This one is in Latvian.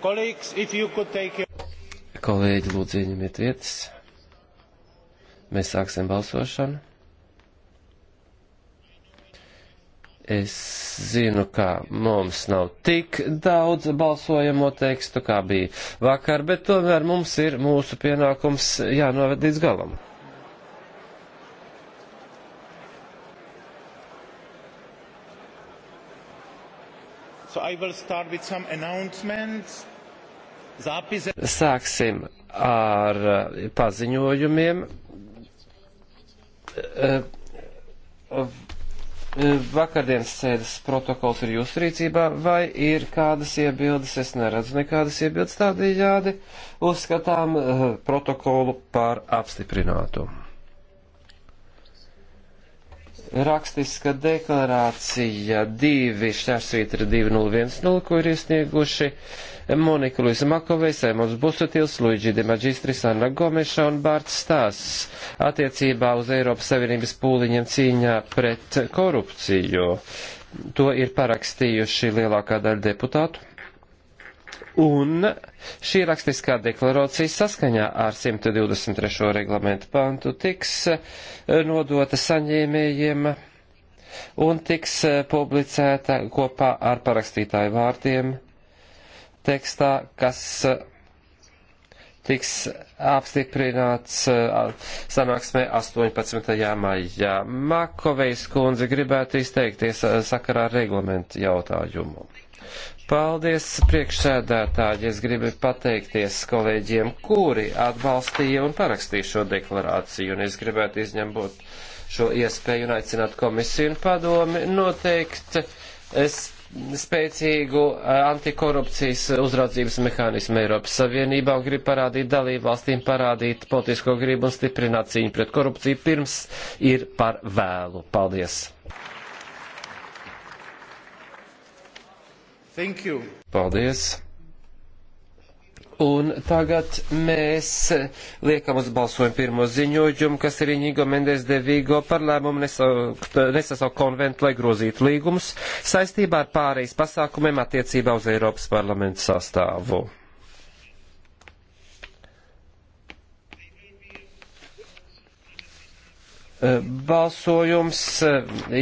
Kolēģi, lūdzu, ieņemiet vietas. Mēs sāksim balsošanu. Es zinu, ka mums nav tik daudz balsojamo tekstu, kā bija vakar, bet tomēr mums ir mūsu pienākums jānoved līdz galam. So Zāpize... Sāksim ar uh, paziņojumiem. Uh, uh, vakardienas sēdes protokols ir jūsu rīcībā, vai ir kādas iebildes? Es neredzu nekādas iebildes tādījādi. Uzskatām protokolu par apstiprinātu rakstiska deklarācija 2 šķērsvītra 2010, ko ir iesnieguši Monika Luisa Makovei, Saimons Busutils, Luigi de Magistris, Anna Gomeša un Bārts Stās attiecībā uz Eiropas Savienības pūliņiem cīņā pret korupciju. To ir parakstījuši lielākā daļa deputātu. Un šī rakstiskā deklarācija saskaņā ar 123. reglamentu pantu tiks eh, nodota saņēmējiem un tiks eh, publicēta kopā ar parakstītāju vārdiem tekstā, kas tiks apstiprināts eh, sanāksmē 18. maijā. Makovejs kundze gribētu izteikties eh, sakarā ar reglamentu jautājumu. Paldies priekšsēdētāji, es gribu pateikties kolēģiem, kuri atbalstīja un parakstīja šo deklarāciju, un es gribētu izņemot šo iespēju un aicināt komisiju un padomi noteikt. Es spēcīgu eh, antikorupcijas uzraudzības mehānismu Eiropas Savienībā un grib parādīt dalībvalstīm, parādīt politisko gribu un stiprināt cīņu pret korupciju pirms ir par vēlu. Paldies! Thank you. Paldies! Un tagad mēs liekam uz balsojumu pirmo ziņojumu, kas ir Iņigo Mendes de Vigo par lēmumu nesasaukt konventu, lai grozītu līgumus saistībā ar pārejas pasākumiem attiecībā uz Eiropas parlamentu sastāvu. Balsojums eh, ir.